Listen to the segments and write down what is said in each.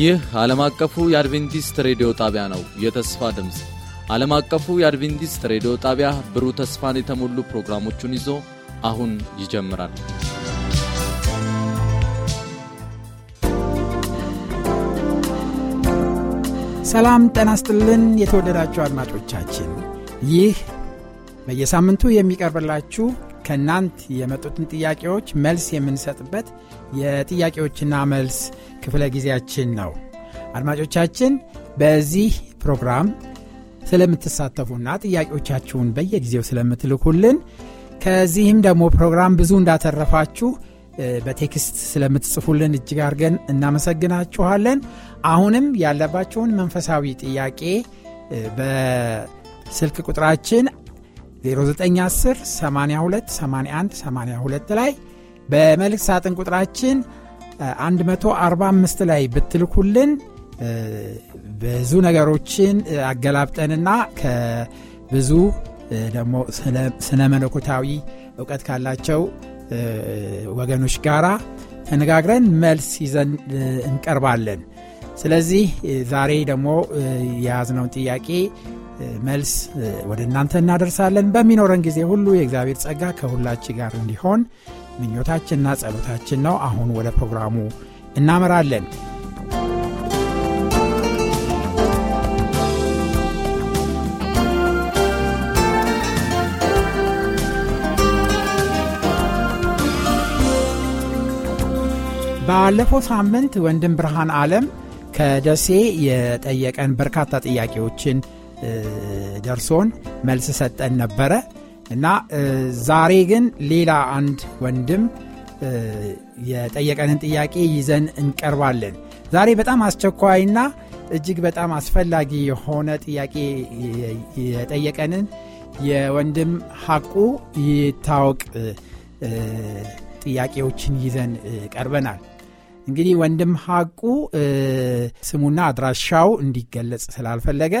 ይህ ዓለም አቀፉ የአድቬንቲስት ሬዲዮ ጣቢያ ነው። የተስፋ ድምፅ ዓለም አቀፉ የአድቬንቲስት ሬዲዮ ጣቢያ ብሩህ ተስፋን የተሞሉ ፕሮግራሞቹን ይዞ አሁን ይጀምራል። ሰላም ጠናስጥልን የተወደዳችሁ አድማጮቻችን ይህ በየሳምንቱ የሚቀርብላችሁ ከእናንት የመጡትን ጥያቄዎች መልስ የምንሰጥበት የጥያቄዎችና መልስ ክፍለ ጊዜያችን ነው። አድማጮቻችን በዚህ ፕሮግራም ስለምትሳተፉና ጥያቄዎቻችሁን በየጊዜው ስለምትልኩልን ከዚህም ደግሞ ፕሮግራም ብዙ እንዳተረፋችሁ በቴክስት ስለምትጽፉልን እጅግ አርገን እናመሰግናችኋለን። አሁንም ያለባችሁን መንፈሳዊ ጥያቄ በስልክ ቁጥራችን 0910 82 ላይ በመልእክት ሳጥን ቁጥራችን 145 ላይ ብትልኩልን ብዙ ነገሮችን አገላብጠንና ከብዙ ደግሞ ስነ መለኮታዊ እውቀት ካላቸው ወገኖች ጋራ ተነጋግረን መልስ ይዘን እንቀርባለን። ስለዚህ ዛሬ ደግሞ የያዝነውን ጥያቄ መልስ ወደ እናንተ እናደርሳለን። በሚኖረን ጊዜ ሁሉ የእግዚአብሔር ጸጋ ከሁላችን ጋር እንዲሆን ምኞታችንና ጸሎታችን ነው። አሁን ወደ ፕሮግራሙ እናመራለን። ባለፈው ሳምንት ወንድም ብርሃን ዓለም ከደሴ የጠየቀን በርካታ ጥያቄዎችን ደርሶን መልስ ሰጠን ነበረ እና ዛሬ ግን ሌላ አንድ ወንድም የጠየቀንን ጥያቄ ይዘን እንቀርባለን። ዛሬ በጣም አስቸኳይና እጅግ በጣም አስፈላጊ የሆነ ጥያቄ የጠየቀንን የወንድም ሀቁ ይታወቅ ጥያቄዎችን ይዘን ቀርበናል። እንግዲህ ወንድም ሀቁ ስሙና አድራሻው እንዲገለጽ ስላልፈለገ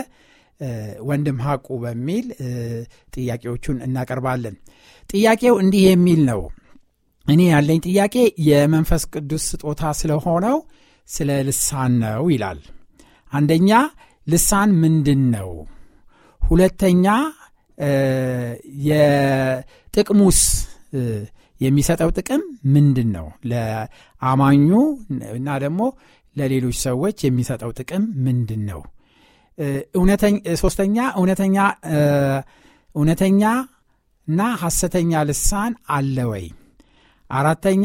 ወንድም ሀቁ በሚል ጥያቄዎቹን እናቀርባለን። ጥያቄው እንዲህ የሚል ነው። እኔ ያለኝ ጥያቄ የመንፈስ ቅዱስ ስጦታ ስለሆነው ስለ ልሳን ነው ይላል። አንደኛ ልሳን ምንድን ነው? ሁለተኛ የጥቅሙስ የሚሰጠው ጥቅም ምንድን ነው? ለአማኙ እና ደግሞ ለሌሎች ሰዎች የሚሰጠው ጥቅም ምንድን ነው? ሶስተኛ እውነተኛ እውነተኛ እና ሐሰተኛ ልሳን አለ ወይ? አራተኛ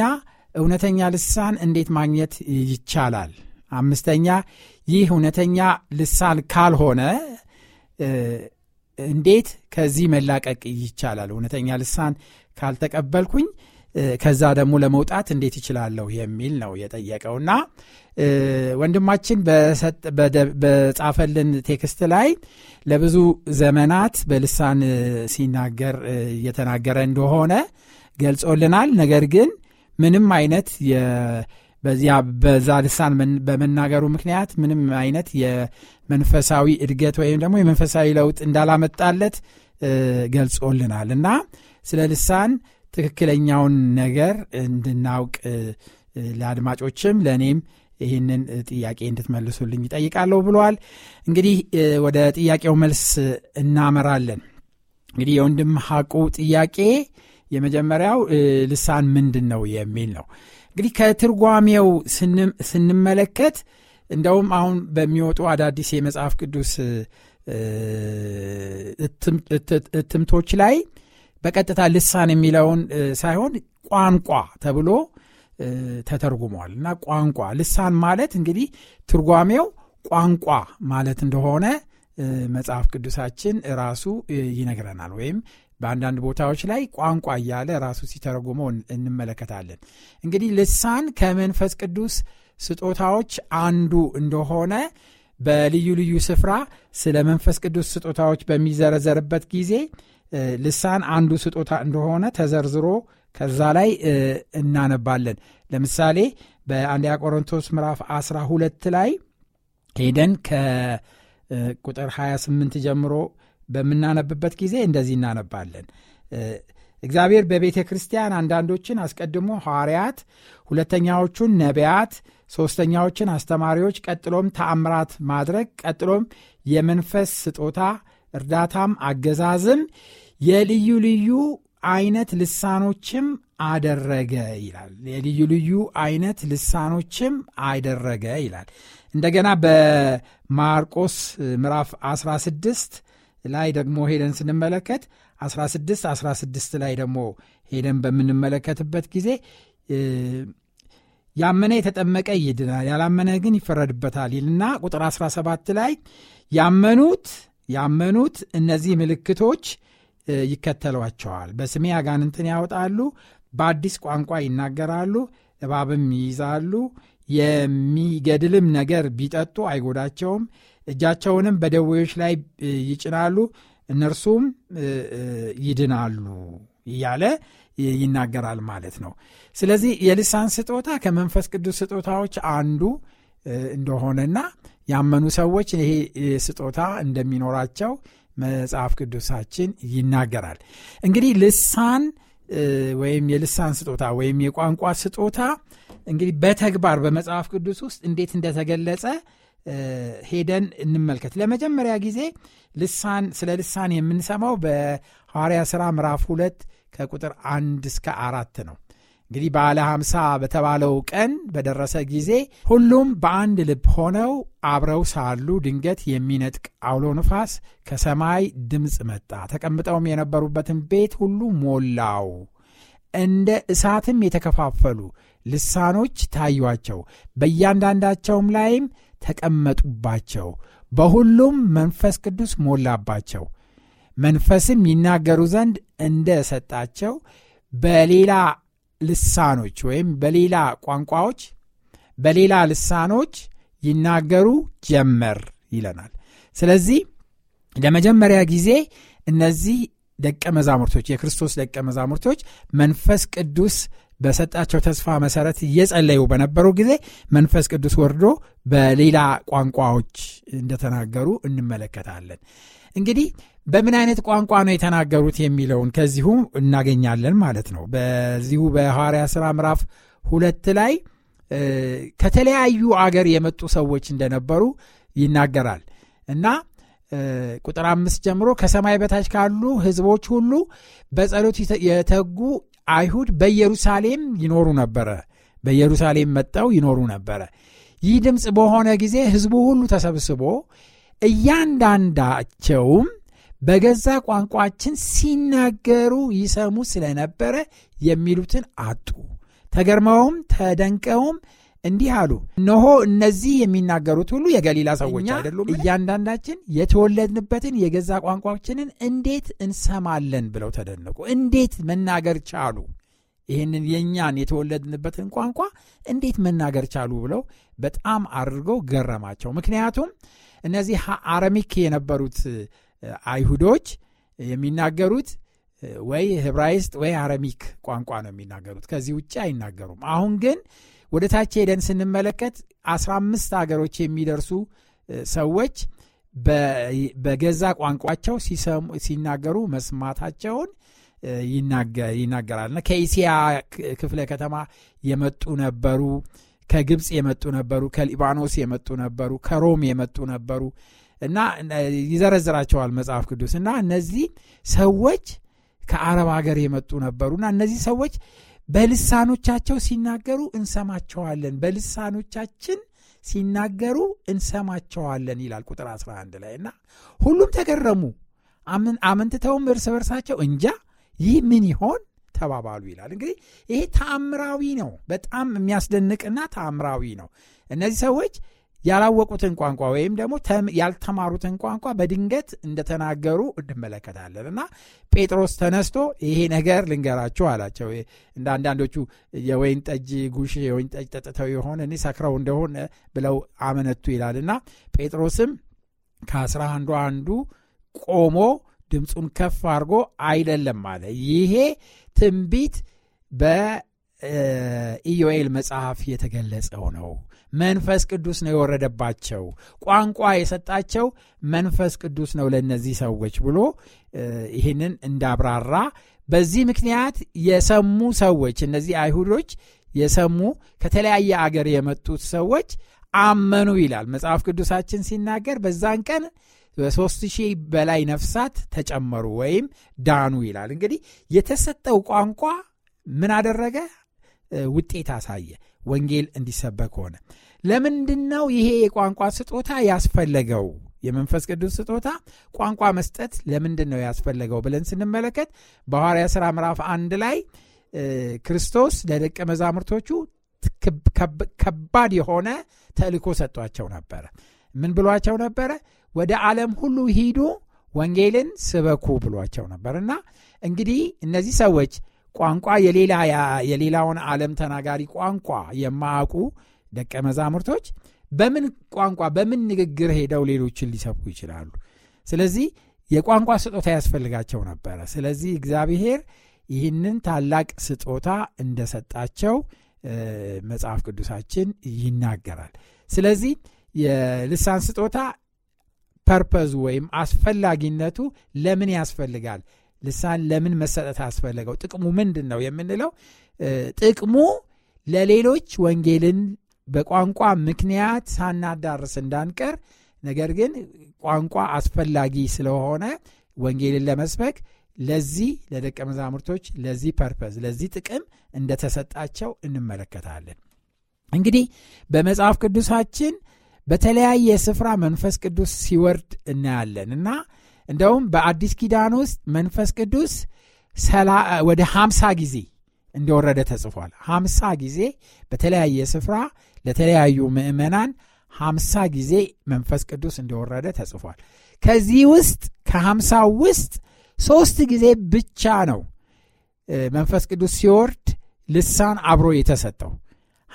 እውነተኛ ልሳን እንዴት ማግኘት ይቻላል? አምስተኛ ይህ እውነተኛ ልሳን ካልሆነ እንዴት ከዚህ መላቀቅ ይቻላል? እውነተኛ ልሳን ካልተቀበልኩኝ ከዛ ደግሞ ለመውጣት እንዴት ይችላለሁ የሚል ነው የጠየቀውና ወንድማችን በጻፈልን ቴክስት ላይ ለብዙ ዘመናት በልሳን ሲናገር እየተናገረ እንደሆነ ገልጾልናል። ነገር ግን ምንም አይነት በዚያ በዛ ልሳን በመናገሩ ምክንያት ምንም አይነት የመንፈሳዊ እድገት ወይም ደግሞ የመንፈሳዊ ለውጥ እንዳላመጣለት ገልጾልናል እና ስለ ልሳን ትክክለኛውን ነገር እንድናውቅ ለአድማጮችም ለእኔም ይህንን ጥያቄ እንድትመልሱልኝ ይጠይቃለሁ ብለዋል። እንግዲህ ወደ ጥያቄው መልስ እናመራለን። እንግዲህ የወንድም ሀቁ ጥያቄ የመጀመሪያው ልሳን ምንድን ነው የሚል ነው። እንግዲህ ከትርጓሜው ስንመለከት እንደውም አሁን በሚወጡ አዳዲስ የመጽሐፍ ቅዱስ እትምቶች ላይ በቀጥታ ልሳን የሚለውን ሳይሆን ቋንቋ ተብሎ ተተርጉሟል እና ቋንቋ ልሳን ማለት እንግዲህ ትርጓሜው ቋንቋ ማለት እንደሆነ መጽሐፍ ቅዱሳችን ራሱ ይነግረናል ወይም በአንዳንድ ቦታዎች ላይ ቋንቋ እያለ ራሱ ሲተረጉመው እንመለከታለን እንግዲህ ልሳን ከመንፈስ ቅዱስ ስጦታዎች አንዱ እንደሆነ በልዩ ልዩ ስፍራ ስለ መንፈስ ቅዱስ ስጦታዎች በሚዘረዘርበት ጊዜ ልሳን አንዱ ስጦታ እንደሆነ ተዘርዝሮ ከዛ ላይ እናነባለን። ለምሳሌ በአንዲያ ቆሮንቶስ ምዕራፍ 12 ላይ ሄደን ከቁጥር 28 ጀምሮ በምናነብበት ጊዜ እንደዚህ እናነባለን። እግዚአብሔር በቤተ ክርስቲያን አንዳንዶችን አስቀድሞ ሐዋርያት፣ ሁለተኛዎቹን ነቢያት፣ ሦስተኛዎችን አስተማሪዎች፣ ቀጥሎም ተአምራት ማድረግ፣ ቀጥሎም የመንፈስ ስጦታ እርዳታም አገዛዝም የልዩ ልዩ አይነት ልሳኖችም አደረገ ይላል። የልዩ ልዩ አይነት ልሳኖችም አደረገ ይላል። እንደገና በማርቆስ ምዕራፍ 16 ላይ ደግሞ ሄደን ስንመለከት 16 16 ላይ ደግሞ ሄደን በምንመለከትበት ጊዜ ያመነ የተጠመቀ ይድናል፣ ያላመነ ግን ይፈረድበታል ይልና ቁጥር 17 ላይ ያመኑት ያመኑት እነዚህ ምልክቶች ይከተሏቸዋል። በስሜ አጋንንትን ያወጣሉ፣ በአዲስ ቋንቋ ይናገራሉ፣ እባብም ይይዛሉ፣ የሚገድልም ነገር ቢጠጡ አይጎዳቸውም፣ እጃቸውንም በደዌዎች ላይ ይጭናሉ፣ እነርሱም ይድናሉ እያለ ይናገራል ማለት ነው። ስለዚህ የልሳን ስጦታ ከመንፈስ ቅዱስ ስጦታዎች አንዱ እንደሆነና ያመኑ ሰዎች ይሄ ስጦታ እንደሚኖራቸው መጽሐፍ ቅዱሳችን ይናገራል። እንግዲህ ልሳን ወይም የልሳን ስጦታ ወይም የቋንቋ ስጦታ እንግዲህ በተግባር በመጽሐፍ ቅዱስ ውስጥ እንዴት እንደተገለጸ ሄደን እንመልከት። ለመጀመሪያ ጊዜ ልሳን ስለ ልሳን የምንሰማው በሐዋርያ ሥራ ምዕራፍ ሁለት ከቁጥር አንድ እስከ አራት ነው። እንግዲህ ባለ ሀምሳ በተባለው ቀን በደረሰ ጊዜ ሁሉም በአንድ ልብ ሆነው አብረው ሳሉ ድንገት የሚነጥቅ አውሎ ንፋስ ከሰማይ ድምፅ መጣ። ተቀምጠውም የነበሩበትን ቤት ሁሉ ሞላው። እንደ እሳትም የተከፋፈሉ ልሳኖች ታዩአቸው፣ በእያንዳንዳቸውም ላይም ተቀመጡባቸው። በሁሉም መንፈስ ቅዱስ ሞላባቸው። መንፈስም ይናገሩ ዘንድ እንደ ሰጣቸው በሌላ ልሳኖች ወይም በሌላ ቋንቋዎች በሌላ ልሳኖች ይናገሩ ጀመር ይለናል። ስለዚህ ለመጀመሪያ ጊዜ እነዚህ ደቀ መዛሙርቶች የክርስቶስ ደቀ መዛሙርቶች መንፈስ ቅዱስ በሰጣቸው ተስፋ መሰረት እየጸለዩ በነበሩ ጊዜ መንፈስ ቅዱስ ወርዶ በሌላ ቋንቋዎች እንደተናገሩ እንመለከታለን። እንግዲህ በምን አይነት ቋንቋ ነው የተናገሩት የሚለውን ከዚሁ እናገኛለን ማለት ነው። በዚሁ በሐዋርያ ሥራ ምዕራፍ ሁለት ላይ ከተለያዩ አገር የመጡ ሰዎች እንደነበሩ ይናገራል እና ቁጥር አምስት ጀምሮ ከሰማይ በታች ካሉ ሕዝቦች ሁሉ በጸሎት የተጉ አይሁድ በኢየሩሳሌም ይኖሩ ነበረ። በኢየሩሳሌም መጠው ይኖሩ ነበረ። ይህ ድምፅ በሆነ ጊዜ ሕዝቡ ሁሉ ተሰብስቦ እያንዳንዳቸውም በገዛ ቋንቋችን ሲናገሩ ይሰሙ ስለነበረ የሚሉትን አጡ። ተገርመውም ተደንቀውም እንዲህ አሉ፣ እነሆ እነዚህ የሚናገሩት ሁሉ የገሊላ ሰዎች አይደሉም? እያንዳንዳችን የተወለድንበትን የገዛ ቋንቋችንን እንዴት እንሰማለን ብለው ተደነቁ። እንዴት መናገር ቻሉ? ይህንን የእኛን የተወለድንበትን ቋንቋ እንዴት መናገር ቻሉ ብለው በጣም አድርገው ገረማቸው። ምክንያቱም እነዚህ አረሚክ የነበሩት አይሁዶች የሚናገሩት ወይ ህብራይስጥ ወይ አረሚክ ቋንቋ ነው የሚናገሩት። ከዚህ ውጭ አይናገሩም። አሁን ግን ወደ ታች ሄደን ስንመለከት 15 ሀገሮች የሚደርሱ ሰዎች በገዛ ቋንቋቸው ሲናገሩ መስማታቸውን ይናገራልና ከኢሲያ ክፍለ ከተማ የመጡ ነበሩ ከግብፅ የመጡ ነበሩ፣ ከሊባኖስ የመጡ ነበሩ፣ ከሮም የመጡ ነበሩ እና ይዘረዝራቸዋል መጽሐፍ ቅዱስ እና እነዚህ ሰዎች ከአረብ ሀገር የመጡ ነበሩ እና እነዚህ ሰዎች በልሳኖቻቸው ሲናገሩ እንሰማቸዋለን፣ በልሳኖቻችን ሲናገሩ እንሰማቸዋለን ይላል ቁጥር 11 ላይ እና ሁሉም ተገረሙ። አመንትተውም እርስ በርሳቸው እንጃ ይህ ምን ይሆን ተባባሉ ይላል። እንግዲህ ይሄ ተአምራዊ ነው። በጣም የሚያስደንቅና ተአምራዊ ነው። እነዚህ ሰዎች ያላወቁትን ቋንቋ ወይም ደግሞ ያልተማሩትን ቋንቋ በድንገት እንደተናገሩ እንመለከታለን እና ጴጥሮስ ተነስቶ ይሄ ነገር ልንገራችሁ አላቸው። እንደ አንዳንዶቹ የወይን ጠጅ ጉሽ የወይን ጠጅ ጠጥተው የሆነ እኔ ሰክረው እንደሆነ ብለው አመነቱ እና ጴጥሮስም ከአስራ አንዱ አንዱ ቆሞ ድምፁን ከፍ አድርጎ አይደለም አለ ይሄ ትንቢት በኢዮኤል መጽሐፍ የተገለጸው ነው። መንፈስ ቅዱስ ነው የወረደባቸው፣ ቋንቋ የሰጣቸው መንፈስ ቅዱስ ነው ለእነዚህ ሰዎች ብሎ ይህንን እንዳብራራ በዚህ ምክንያት የሰሙ ሰዎች እነዚህ አይሁዶች የሰሙ ከተለያየ አገር የመጡት ሰዎች አመኑ ይላል መጽሐፍ ቅዱሳችን ሲናገር በዛን ቀን በሶስት ሺህ በላይ ነፍሳት ተጨመሩ ወይም ዳኑ ይላል። እንግዲህ የተሰጠው ቋንቋ ምን አደረገ? ውጤት አሳየ። ወንጌል እንዲሰበክ ሆነ። ለምንድን ነው ይሄ የቋንቋ ስጦታ ያስፈለገው? የመንፈስ ቅዱስ ስጦታ ቋንቋ መስጠት ለምንድን ነው ያስፈለገው ብለን ስንመለከት በሐዋርያ ሥራ ምዕራፍ አንድ ላይ ክርስቶስ ለደቀ መዛሙርቶቹ ከባድ የሆነ ተልእኮ ሰጧቸው ነበረ። ምን ብሏቸው ነበረ? ወደ ዓለም ሁሉ ሂዱ ወንጌልን ስበኩ ብሏቸው ነበርና እንግዲህ እነዚህ ሰዎች ቋንቋ የሌላውን ዓለም ተናጋሪ ቋንቋ የማያውቁ ደቀ መዛሙርቶች በምን ቋንቋ በምን ንግግር ሄደው ሌሎችን ሊሰብኩ ይችላሉ? ስለዚህ የቋንቋ ስጦታ ያስፈልጋቸው ነበረ። ስለዚህ እግዚአብሔር ይህንን ታላቅ ስጦታ እንደሰጣቸው መጽሐፍ ቅዱሳችን ይናገራል። ስለዚህ የልሳን ስጦታ ፐርፐዝ ወይም አስፈላጊነቱ ለምን ያስፈልጋል፣ ልሳን ለምን መሰጠት አስፈለገው፣ ጥቅሙ ምንድን ነው የምንለው ጥቅሙ ለሌሎች ወንጌልን በቋንቋ ምክንያት ሳናዳርስ እንዳንቀር፣ ነገር ግን ቋንቋ አስፈላጊ ስለሆነ ወንጌልን ለመስበክ ለዚህ ለደቀ መዛሙርቶች ለዚህ ፐርፐዝ ለዚህ ጥቅም እንደተሰጣቸው እንመለከታለን። እንግዲህ በመጽሐፍ ቅዱሳችን በተለያየ ስፍራ መንፈስ ቅዱስ ሲወርድ እናያለን እና እንደውም በአዲስ ኪዳን ውስጥ መንፈስ ቅዱስ ወደ ሀምሳ ጊዜ እንደወረደ ተጽፏል። ሀምሳ ጊዜ በተለያየ ስፍራ ለተለያዩ ምእመናን ሀምሳ ጊዜ መንፈስ ቅዱስ እንደወረደ ተጽፏል። ከዚህ ውስጥ ከሀምሳው ውስጥ ሶስት ጊዜ ብቻ ነው መንፈስ ቅዱስ ሲወርድ ልሳን አብሮ የተሰጠው።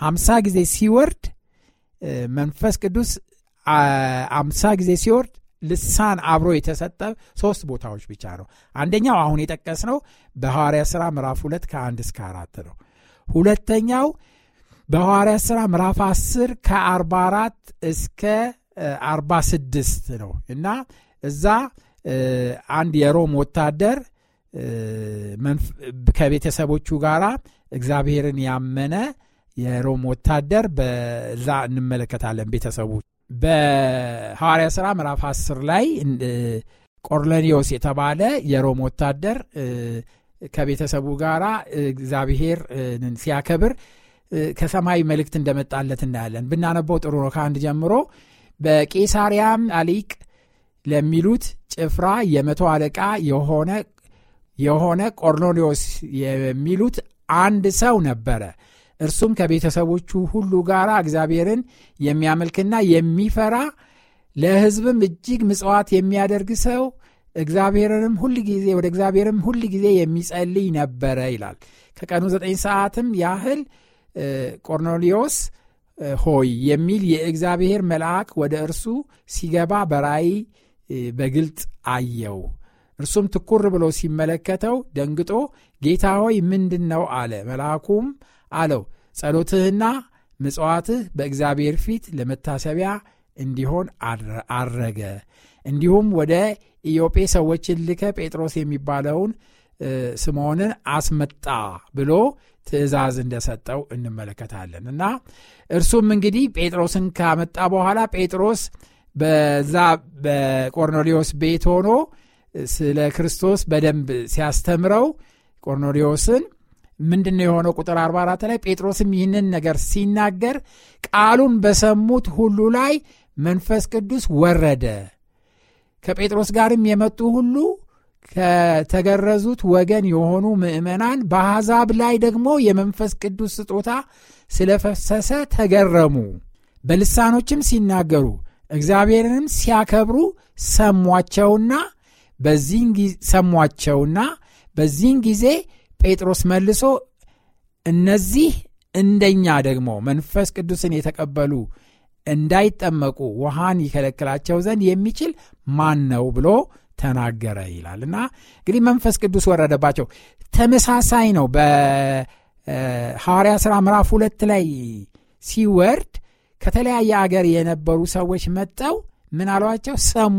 ሀምሳ ጊዜ ሲወርድ መንፈስ ቅዱስ አምሳ ጊዜ ሲወርድ ልሳን አብሮ የተሰጠ ሶስት ቦታዎች ብቻ ነው። አንደኛው አሁን የጠቀስ ነው በሐዋርያ ሥራ ምዕራፍ ሁለት ከአንድ እስከ አራት ነው። ሁለተኛው በሐዋርያ ሥራ ምዕራፍ አስር ከ44 እስከ ስድስት ነው እና እዛ አንድ የሮም ወታደር ከቤተሰቦቹ ጋር እግዚአብሔርን ያመነ የሮም ወታደር በዛ እንመለከታለን። ቤተሰቡ በሐዋርያ ሥራ ምዕራፍ 10 ላይ ቆርኔሌዎስ የተባለ የሮም ወታደር ከቤተሰቡ ጋር እግዚአብሔር ሲያከብር ከሰማይ መልእክት እንደመጣለት እናያለን። ብናነበው ጥሩ ነው። ከአንድ ጀምሮ በቄሳሪያም አሊቅ ለሚሉት ጭፍራ የመቶ አለቃ የሆነ የሆነ የሚሉት አንድ ሰው ነበረ። እርሱም ከቤተሰቦቹ ሁሉ ጋር እግዚአብሔርን የሚያመልክና የሚፈራ ለሕዝብም እጅግ ምጽዋት የሚያደርግ ሰው እግዚአብሔርንም ሁል ጊዜ ወደ እግዚአብሔርም ሁል ጊዜ የሚጸልይ ነበረ ይላል። ከቀኑ ዘጠኝ ሰዓትም ያህል ቆርኔሌዎስ ሆይ የሚል የእግዚአብሔር መልአክ ወደ እርሱ ሲገባ በራእይ በግልጥ አየው። እርሱም ትኩር ብሎ ሲመለከተው ደንግጦ ጌታ ሆይ ምንድን ነው አለ። መልአኩም አለው። ጸሎትህና ምጽዋትህ በእግዚአብሔር ፊት ለመታሰቢያ እንዲሆን አረገ። እንዲሁም ወደ ኢዮጴ ሰዎችን ልከ ጴጥሮስ የሚባለውን ስምዖንን አስመጣ ብሎ ትእዛዝ እንደሰጠው እንመለከታለን። እና እርሱም እንግዲህ ጴጥሮስን ካመጣ በኋላ ጴጥሮስ በዛ በቆርኔሌዎስ ቤት ሆኖ ስለ ክርስቶስ በደንብ ሲያስተምረው ቆርኔሌዎስን ምንድነው ነው የሆነው? ቁጥር 44 ላይ ጴጥሮስም ይህንን ነገር ሲናገር ቃሉን በሰሙት ሁሉ ላይ መንፈስ ቅዱስ ወረደ፣ ከጴጥሮስ ጋርም የመጡ ሁሉ ከተገረዙት ወገን የሆኑ ምዕመናን፣ በአሕዛብ ላይ ደግሞ የመንፈስ ቅዱስ ስጦታ ስለፈሰሰ ተገረሙ። በልሳኖችም ሲናገሩ እግዚአብሔርንም ሲያከብሩ ሰሟቸውና በዚህን ሰሟቸውና በዚህን ጊዜ ጴጥሮስ መልሶ እነዚህ እንደኛ ደግሞ መንፈስ ቅዱስን የተቀበሉ እንዳይጠመቁ ውሃን ይከለክላቸው ዘንድ የሚችል ማን ነው ብሎ ተናገረ ይላል እና እንግዲህ መንፈስ ቅዱስ ወረደባቸው። ተመሳሳይ ነው። በሐዋርያ ሥራ ምዕራፍ ሁለት ላይ ሲወርድ ከተለያየ አገር የነበሩ ሰዎች መጠው ምን አሏቸው? ሰሙ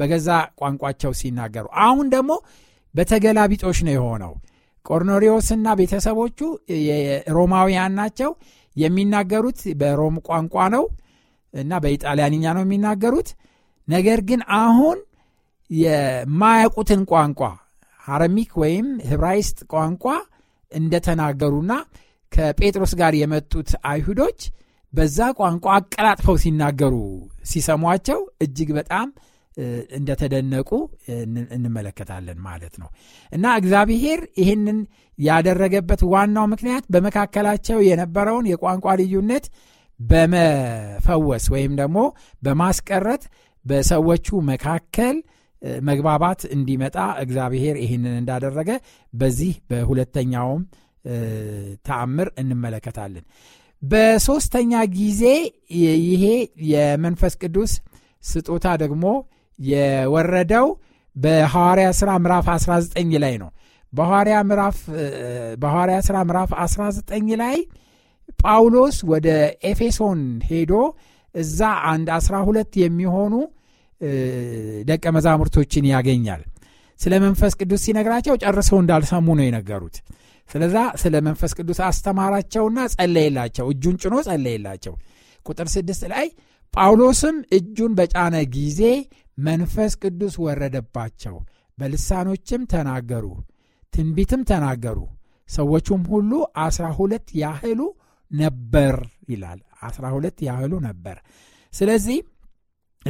በገዛ ቋንቋቸው ሲናገሩ። አሁን ደግሞ በተገላቢጦች ነው የሆነው። ቆርኔሌዎስና ቤተሰቦቹ ሮማውያን ናቸው። የሚናገሩት በሮም ቋንቋ ነው እና በኢጣሊያንኛ ነው የሚናገሩት። ነገር ግን አሁን የማያውቁትን ቋንቋ ሐረሚክ ወይም ህብራይስጥ ቋንቋ እንደተናገሩና ከጴጥሮስ ጋር የመጡት አይሁዶች በዛ ቋንቋ አቀላጥፈው ሲናገሩ ሲሰሟቸው እጅግ በጣም እንደተደነቁ እንመለከታለን ማለት ነው እና እግዚአብሔር ይህንን ያደረገበት ዋናው ምክንያት በመካከላቸው የነበረውን የቋንቋ ልዩነት በመፈወስ ወይም ደግሞ በማስቀረት በሰዎቹ መካከል መግባባት እንዲመጣ እግዚአብሔር ይህንን እንዳደረገ በዚህ በሁለተኛውም ተአምር እንመለከታለን በሶስተኛ ጊዜ ይሄ የመንፈስ ቅዱስ ስጦታ ደግሞ የወረደው በሐዋርያ ሥራ ምዕራፍ 19 ላይ ነው። በሐዋርያ ሥራ ምዕራፍ 19 ላይ ጳውሎስ ወደ ኤፌሶን ሄዶ እዛ አንድ 12 የሚሆኑ ደቀ መዛሙርቶችን ያገኛል። ስለ መንፈስ ቅዱስ ሲነግራቸው ጨርሰው እንዳልሰሙ ነው የነገሩት። ስለዛ ስለ መንፈስ ቅዱስ አስተማራቸውና ጸለየላቸው። እጁን ጭኖ ጸለየላቸው። ቁጥር ስድስት ላይ ጳውሎስም እጁን በጫነ ጊዜ መንፈስ ቅዱስ ወረደባቸው፣ በልሳኖችም ተናገሩ፣ ትንቢትም ተናገሩ። ሰዎቹም ሁሉ አስራ ሁለት ያህሉ ነበር ይላል። አስራ ሁለት ያህሉ ነበር። ስለዚህ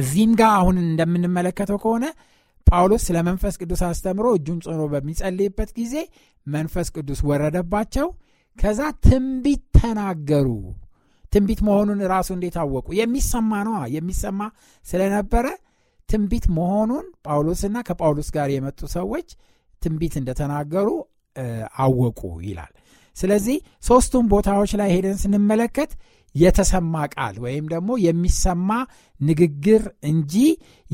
እዚህም ጋር አሁን እንደምንመለከተው ከሆነ ጳውሎስ ስለ መንፈስ ቅዱስ አስተምሮ እጁን ጽኖ በሚጸልይበት ጊዜ መንፈስ ቅዱስ ወረደባቸው። ከዛ ትንቢት ተናገሩ። ትንቢት መሆኑን ራሱ እንዴት አወቁ? የሚሰማ ነዋ። የሚሰማ ስለነበረ ትንቢት መሆኑን ጳውሎስና ከጳውሎስ ጋር የመጡ ሰዎች ትንቢት እንደተናገሩ አወቁ ይላል። ስለዚህ ሶስቱም ቦታዎች ላይ ሄደን ስንመለከት የተሰማ ቃል ወይም ደግሞ የሚሰማ ንግግር እንጂ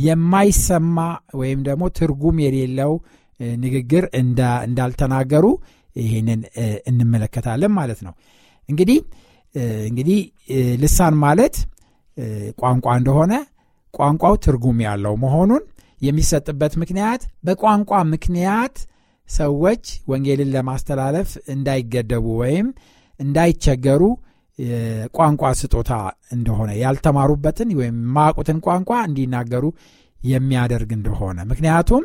የማይሰማ ወይም ደግሞ ትርጉም የሌለው ንግግር እንዳልተናገሩ ይህንን እንመለከታለን ማለት ነው። እንግዲህ እንግዲህ ልሳን ማለት ቋንቋ እንደሆነ ቋንቋው ትርጉም ያለው መሆኑን የሚሰጥበት ምክንያት በቋንቋ ምክንያት ሰዎች ወንጌልን ለማስተላለፍ እንዳይገደቡ ወይም እንዳይቸገሩ ቋንቋ ስጦታ እንደሆነ ያልተማሩበትን ወይም የማያውቁትን ቋንቋ እንዲናገሩ የሚያደርግ እንደሆነ ምክንያቱም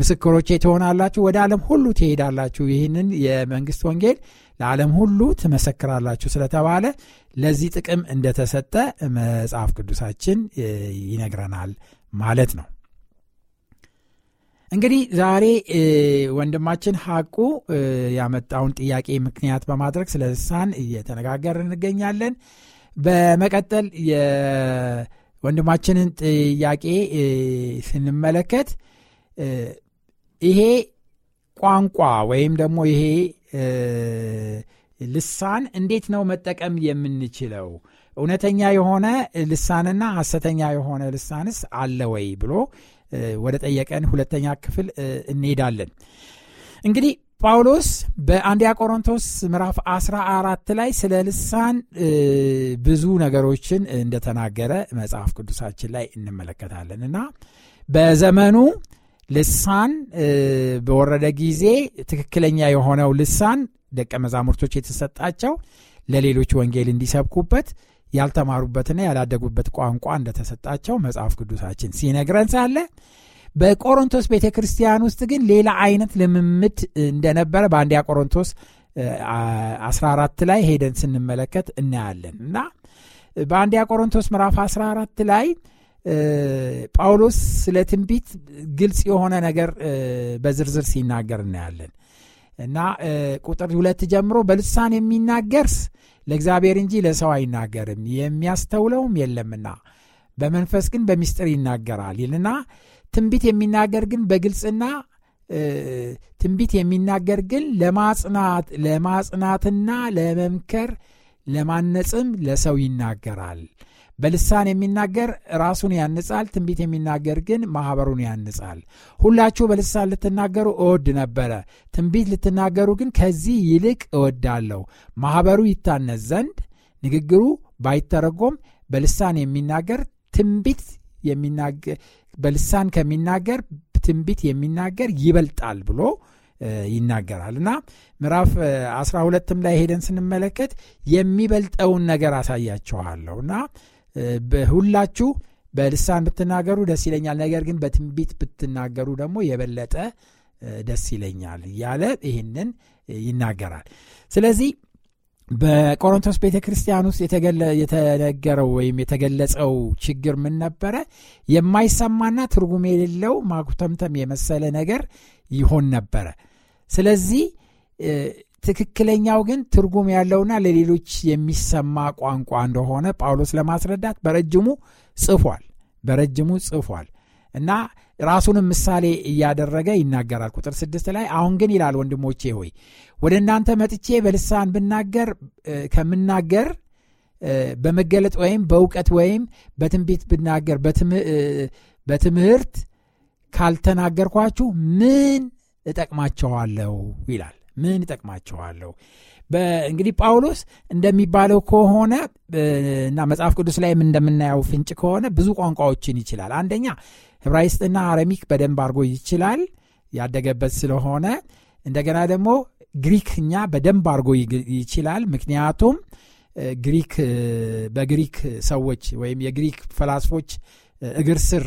ምስክሮቼ ትሆናላችሁ፣ ወደ ዓለም ሁሉ ትሄዳላችሁ፣ ይህንን የመንግሥት ወንጌል ለዓለም ሁሉ ትመሰክራላችሁ ስለተባለ ለዚህ ጥቅም እንደተሰጠ መጽሐፍ ቅዱሳችን ይነግረናል ማለት ነው። እንግዲህ ዛሬ ወንድማችን ሐቁ ያመጣውን ጥያቄ ምክንያት በማድረግ ስለ ልሳን እየተነጋገር እንገኛለን። በመቀጠል የወንድማችንን ጥያቄ ስንመለከት ይሄ ቋንቋ ወይም ደግሞ ይሄ ልሳን እንዴት ነው መጠቀም የምንችለው? እውነተኛ የሆነ ልሳንና ሐሰተኛ የሆነ ልሳንስ አለ ወይ ብሎ ወደ ጠየቀን ሁለተኛ ክፍል እንሄዳለን። እንግዲህ ጳውሎስ በአንዲያ ቆሮንቶስ ምዕራፍ 14 ላይ ስለ ልሳን ብዙ ነገሮችን እንደተናገረ መጽሐፍ ቅዱሳችን ላይ እንመለከታለን እና በዘመኑ ልሳን በወረደ ጊዜ ትክክለኛ የሆነው ልሳን ደቀ መዛሙርቶች የተሰጣቸው ለሌሎች ወንጌል እንዲሰብኩበት ያልተማሩበትና ያላደጉበት ቋንቋ እንደተሰጣቸው መጽሐፍ ቅዱሳችን ሲነግረን ሳለ በቆሮንቶስ ቤተ ክርስቲያን ውስጥ ግን ሌላ አይነት ልምምድ እንደነበረ በአንዲያ ቆሮንቶስ 14 ላይ ሄደን ስንመለከት እናያለን እና በአንዲያ ቆሮንቶስ ምዕራፍ 14 ላይ ጳውሎስ ስለ ትንቢት ግልጽ የሆነ ነገር በዝርዝር ሲናገር እናያለን እና ቁጥር ሁለት ጀምሮ በልሳን የሚናገርስ ለእግዚአብሔር እንጂ ለሰው አይናገርም የሚያስተውለውም የለምና በመንፈስ ግን በሚስጥር ይናገራል ይልና ትንቢት የሚናገር ግን በግልጽና ትንቢት የሚናገር ግን ለማጽናትና ለመምከር ለማነጽም ለሰው ይናገራል በልሳን የሚናገር ራሱን ያንጻል፣ ትንቢት የሚናገር ግን ማኅበሩን ያንጻል። ሁላችሁ በልሳን ልትናገሩ እወድ ነበረ፣ ትንቢት ልትናገሩ ግን ከዚህ ይልቅ እወዳለሁ። ማኅበሩ ይታነጽ ዘንድ ንግግሩ ባይተረጎም በልሳን የሚናገር ትንቢት በልሳን ከሚናገር ትንቢት የሚናገር ይበልጣል ብሎ ይናገራል እና ምዕራፍ 12ም ላይ ሄደን ስንመለከት የሚበልጠውን ነገር አሳያችኋለሁ እና ሁላችሁ በልሳን ብትናገሩ ደስ ይለኛል፣ ነገር ግን በትንቢት ብትናገሩ ደግሞ የበለጠ ደስ ይለኛል እያለ ይህንን ይናገራል። ስለዚህ በቆሮንቶስ ቤተ ክርስቲያን ውስጥ የተነገረው ወይም የተገለጸው ችግር ምን ነበረ? የማይሰማና ትርጉም የሌለው ማጉተምተም የመሰለ ነገር ይሆን ነበረ። ስለዚህ ትክክለኛው ግን ትርጉም ያለውና ለሌሎች የሚሰማ ቋንቋ እንደሆነ ጳውሎስ ለማስረዳት በረጅሙ ጽፏል በረጅሙ ጽፏል እና ራሱንም ምሳሌ እያደረገ ይናገራል ቁጥር ስድስት ላይ አሁን ግን ይላል ወንድሞቼ ሆይ ወደ እናንተ መጥቼ በልሳን ብናገር ከምናገር በመገለጥ ወይም በእውቀት ወይም በትንቢት ብናገር በትምህርት ካልተናገርኳችሁ ምን እጠቅማቸዋለሁ ይላል ምን ይጠቅማቸዋለሁ? እንግዲህ ጳውሎስ እንደሚባለው ከሆነ እና መጽሐፍ ቅዱስ ላይም እንደምናየው ፍንጭ ከሆነ ብዙ ቋንቋዎችን ይችላል። አንደኛ ዕብራይስጥና አረሚክ በደንብ አድርጎ ይችላል ያደገበት ስለሆነ። እንደገና ደግሞ ግሪክኛ በደንብ አድርጎ ይችላል ምክንያቱም ግሪክ በግሪክ ሰዎች ወይም የግሪክ ፈላስፎች እግር ስር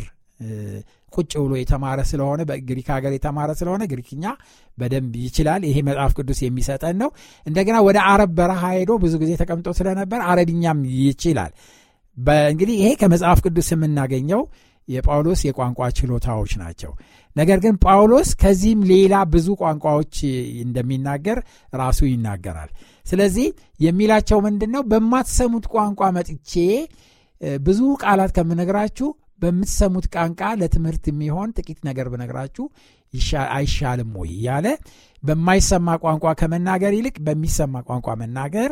ቁጭ ብሎ የተማረ ስለሆነ በግሪክ ሀገር የተማረ ስለሆነ ግሪክኛ በደንብ ይችላል። ይሄ መጽሐፍ ቅዱስ የሚሰጠን ነው። እንደገና ወደ አረብ በረሃ ሄዶ ብዙ ጊዜ ተቀምጦ ስለነበር አረብኛም ይችላል። እንግዲህ ይሄ ከመጽሐፍ ቅዱስ የምናገኘው የጳውሎስ የቋንቋ ችሎታዎች ናቸው። ነገር ግን ጳውሎስ ከዚህም ሌላ ብዙ ቋንቋዎች እንደሚናገር ራሱ ይናገራል። ስለዚህ የሚላቸው ምንድን ነው? በማትሰሙት ቋንቋ መጥቼ ብዙ ቃላት ከምነግራችሁ በምትሰሙት ቋንቋ ለትምህርት የሚሆን ጥቂት ነገር ብነግራችሁ አይሻልም ወይ እያለ በማይሰማ ቋንቋ ከመናገር ይልቅ በሚሰማ ቋንቋ መናገር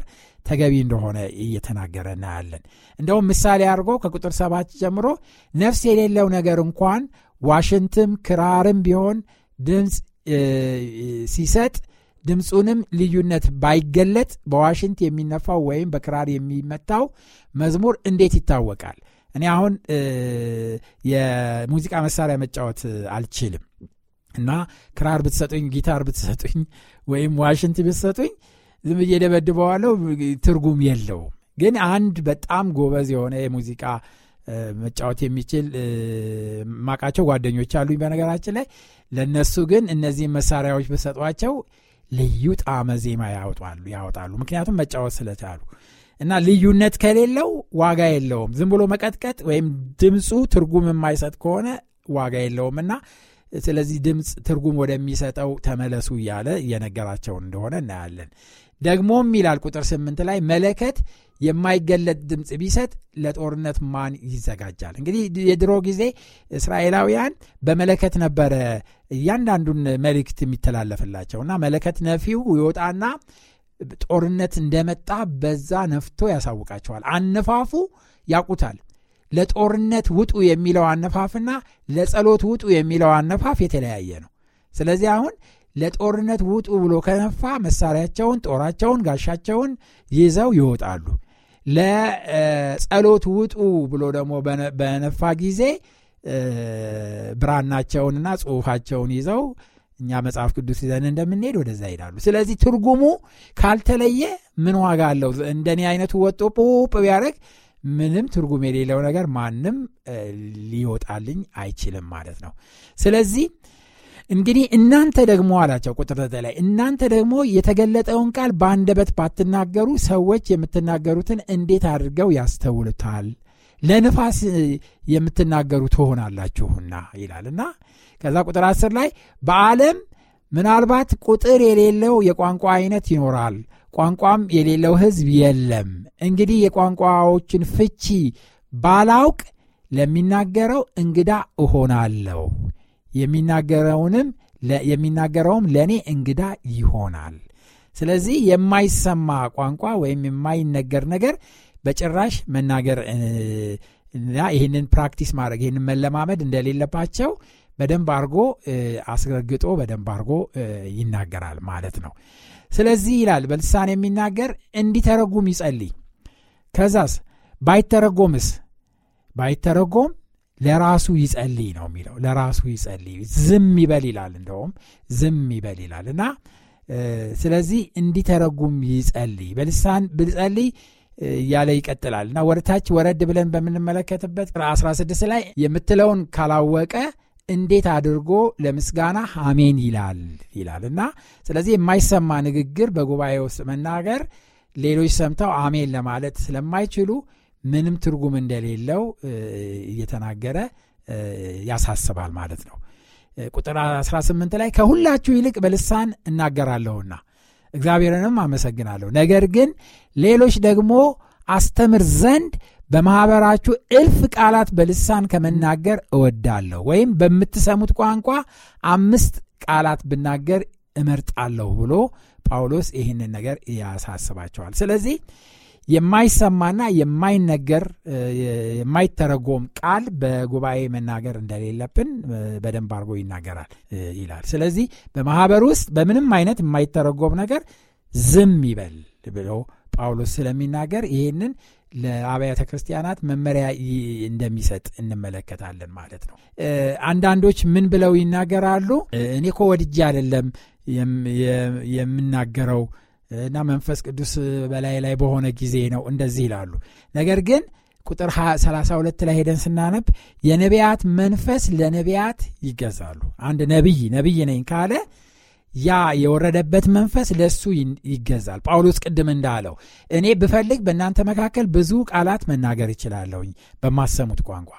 ተገቢ እንደሆነ እየተናገረ እናያለን። እንደውም ምሳሌ አድርጎ ከቁጥር ሰባት ጀምሮ ነፍስ የሌለው ነገር እንኳን ዋሽንትም ክራርም ቢሆን ድምፅ ሲሰጥ ድምፁንም ልዩነት ባይገለጥ በዋሽንት የሚነፋው ወይም በክራር የሚመታው መዝሙር እንዴት ይታወቃል? እኔ አሁን የሙዚቃ መሳሪያ መጫወት አልችልም እና ክራር ብትሰጡኝ፣ ጊታር ብትሰጡኝ ወይም ዋሽንት ብትሰጡኝ ዝም ብዬ ደበድበዋለሁ፣ ትርጉም የለውም። ግን አንድ በጣም ጎበዝ የሆነ የሙዚቃ መጫወት የሚችል ማቃቸው ጓደኞች አሉኝ። በነገራችን ላይ ለነሱ ግን እነዚህን መሳሪያዎች ብሰጧቸው ልዩ ጣዕመ ዜማ ያወጣሉ። ምክንያቱም መጫወት ስለቻሉ እና ልዩነት ከሌለው ዋጋ የለውም። ዝም ብሎ መቀጥቀጥ ወይም ድምፁ ትርጉም የማይሰጥ ከሆነ ዋጋ የለውም እና ስለዚህ ድምፅ ትርጉም ወደሚሰጠው ተመለሱ እያለ እየነገራቸው እንደሆነ እናያለን። ደግሞም ይላል ቁጥር ስምንት ላይ መለከት የማይገለጥ ድምፅ ቢሰጥ ለጦርነት ማን ይዘጋጃል? እንግዲህ የድሮ ጊዜ እስራኤላውያን በመለከት ነበረ እያንዳንዱን መልእክት የሚተላለፍላቸው እና መለከት ነፊው ይወጣና ጦርነት እንደመጣ በዛ ነፍቶ ያሳውቃቸዋል። አነፋፉ ያውቁታል። ለጦርነት ውጡ የሚለው አነፋፍና ለጸሎት ውጡ የሚለው አነፋፍ የተለያየ ነው። ስለዚህ አሁን ለጦርነት ውጡ ብሎ ከነፋ መሳሪያቸውን፣ ጦራቸውን፣ ጋሻቸውን ይዘው ይወጣሉ። ለጸሎት ውጡ ብሎ ደግሞ በነፋ ጊዜ ብራናቸውንና ጽሑፋቸውን ይዘው እኛ መጽሐፍ ቅዱስ ይዘን እንደምንሄድ ወደዛ ይሄዳሉ። ስለዚህ ትርጉሙ ካልተለየ ምን ዋጋ አለው? እንደኔ አይነቱ ወጦ ጵጵ ቢያደረግ ምንም ትርጉም የሌለው ነገር ማንም ሊወጣልኝ አይችልም ማለት ነው። ስለዚህ እንግዲህ እናንተ ደግሞ አላቸው ቁጥር ላይ እናንተ ደግሞ የተገለጠውን ቃል በአንደበት ባትናገሩ ሰዎች የምትናገሩትን እንዴት አድርገው ያስተውሉታል ለንፋስ የምትናገሩ ትሆናላችሁና ይላል ከዛ ቁጥር አስር ላይ በዓለም ምናልባት ቁጥር የሌለው የቋንቋ አይነት ይኖራል፣ ቋንቋም የሌለው ህዝብ የለም። እንግዲህ የቋንቋዎችን ፍቺ ባላውቅ ለሚናገረው እንግዳ እሆናለሁ፣ የሚናገረውንም የሚናገረውም ለእኔ እንግዳ ይሆናል። ስለዚህ የማይሰማ ቋንቋ ወይም የማይነገር ነገር በጭራሽ መናገር እና ይህንን ፕራክቲስ ማድረግ ይህንን መለማመድ እንደሌለባቸው በደንብ አድርጎ አስረግጦ በደንብ አድርጎ ይናገራል ማለት ነው። ስለዚህ ይላል በልሳን የሚናገር እንዲተረጉም ይጸልይ። ከዛስ ባይተረጎምስ ባይተረጎም ለራሱ ይጸልይ ነው የሚለው። ለራሱ ይጸልይ ዝም ይበል ይላል። እንደውም ዝም ይበል ይላል እና ስለዚህ እንዲተረጉም ይጸልይ በልሳን ብልጸልይ እያለ ይቀጥላል እና ወደታች ወረድ ብለን በምንመለከትበት 16 ላይ የምትለውን ካላወቀ እንዴት አድርጎ ለምስጋና አሜን ይላል ይላል እና ስለዚህ የማይሰማ ንግግር በጉባኤ ውስጥ መናገር ሌሎች ሰምተው አሜን ለማለት ስለማይችሉ ምንም ትርጉም እንደሌለው እየተናገረ ያሳስባል ማለት ነው። ቁጥር 18 ላይ ከሁላችሁ ይልቅ በልሳን እናገራለሁና እግዚአብሔርንም አመሰግናለሁ። ነገር ግን ሌሎች ደግሞ አስተምር ዘንድ በማኅበራችሁ እልፍ ቃላት በልሳን ከመናገር እወዳለሁ ወይም በምትሰሙት ቋንቋ አምስት ቃላት ብናገር እመርጣለሁ ብሎ ጳውሎስ ይህንን ነገር ያሳስባቸዋል። ስለዚህ የማይሰማና የማይነገር የማይተረጎም ቃል በጉባኤ መናገር እንደሌለብን በደንብ አድርጎ ይናገራል ይላል። ስለዚህ በማህበር ውስጥ በምንም አይነት የማይተረጎም ነገር ዝም ይበል ብሎ ጳውሎስ ስለሚናገር ይህንን ለአብያተ ክርስቲያናት መመሪያ እንደሚሰጥ እንመለከታለን ማለት ነው። አንዳንዶች ምን ብለው ይናገራሉ? እኔ እኮ ወድጄ አይደለም የምናገረው እና መንፈስ ቅዱስ በላይ ላይ በሆነ ጊዜ ነው እንደዚህ ይላሉ። ነገር ግን ቁጥር 32 ላይ ሄደን ስናነብ የነቢያት መንፈስ ለነቢያት ይገዛሉ። አንድ ነቢይ ነቢይ ነኝ ካለ ያ የወረደበት መንፈስ ለሱ ይገዛል። ጳውሎስ ቅድም እንዳለው እኔ ብፈልግ በእናንተ መካከል ብዙ ቃላት መናገር እችላለሁኝ በማሰሙት ቋንቋ፣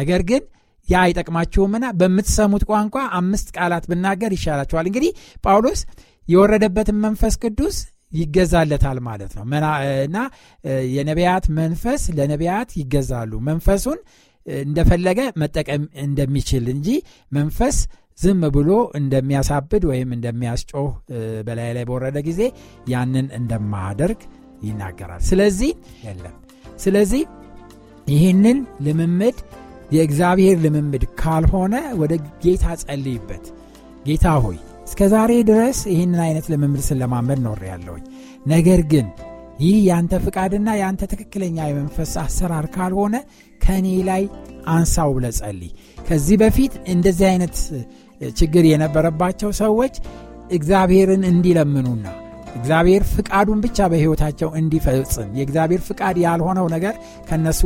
ነገር ግን ያ አይጠቅማችሁምና በምትሰሙት ቋንቋ አምስት ቃላት ብናገር ይሻላችኋል። እንግዲህ ጳውሎስ የወረደበትን መንፈስ ቅዱስ ይገዛለታል ማለት ነው እና የነቢያት መንፈስ ለነቢያት ይገዛሉ መንፈሱን እንደፈለገ መጠቀም እንደሚችል እንጂ መንፈስ ዝም ብሎ እንደሚያሳብድ ወይም እንደሚያስጮህ በላይ ላይ በወረደ ጊዜ ያንን እንደማደርግ ይናገራል ስለዚህ የለም ስለዚህ ይህንን ልምምድ የእግዚአብሔር ልምምድ ካልሆነ ወደ ጌታ ጸልይበት ጌታ ሆይ እስከ ዛሬ ድረስ ይህንን አይነት ልምምድ ስለማመድ ኖር ያለውኝ ነገር ግን ይህ ያንተ ፍቃድና ያንተ ትክክለኛ የመንፈስ አሰራር ካልሆነ ከእኔ ላይ አንሳው ብለጸልይ ከዚህ በፊት እንደዚህ አይነት ችግር የነበረባቸው ሰዎች እግዚአብሔርን እንዲለምኑና እግዚአብሔር ፍቃዱን ብቻ በሕይወታቸው እንዲፈጽም የእግዚአብሔር ፍቃድ ያልሆነው ነገር ከእነሱ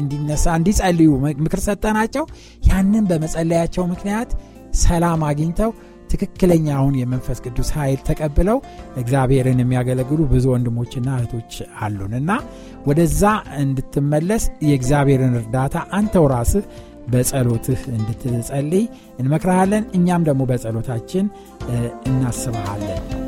እንዲነሳ እንዲጸልዩ ምክር ሰጠናቸው። ያንን በመጸለያቸው ምክንያት ሰላም አግኝተው ትክክለኛውን የመንፈስ ቅዱስ ኃይል ተቀብለው እግዚአብሔርን የሚያገለግሉ ብዙ ወንድሞችና እህቶች አሉን እና ወደዛ እንድትመለስ የእግዚአብሔርን እርዳታ አንተው ራስህ በጸሎትህ እንድትጸልይ እንመክረሃለን እኛም ደግሞ በጸሎታችን እናስበሃለን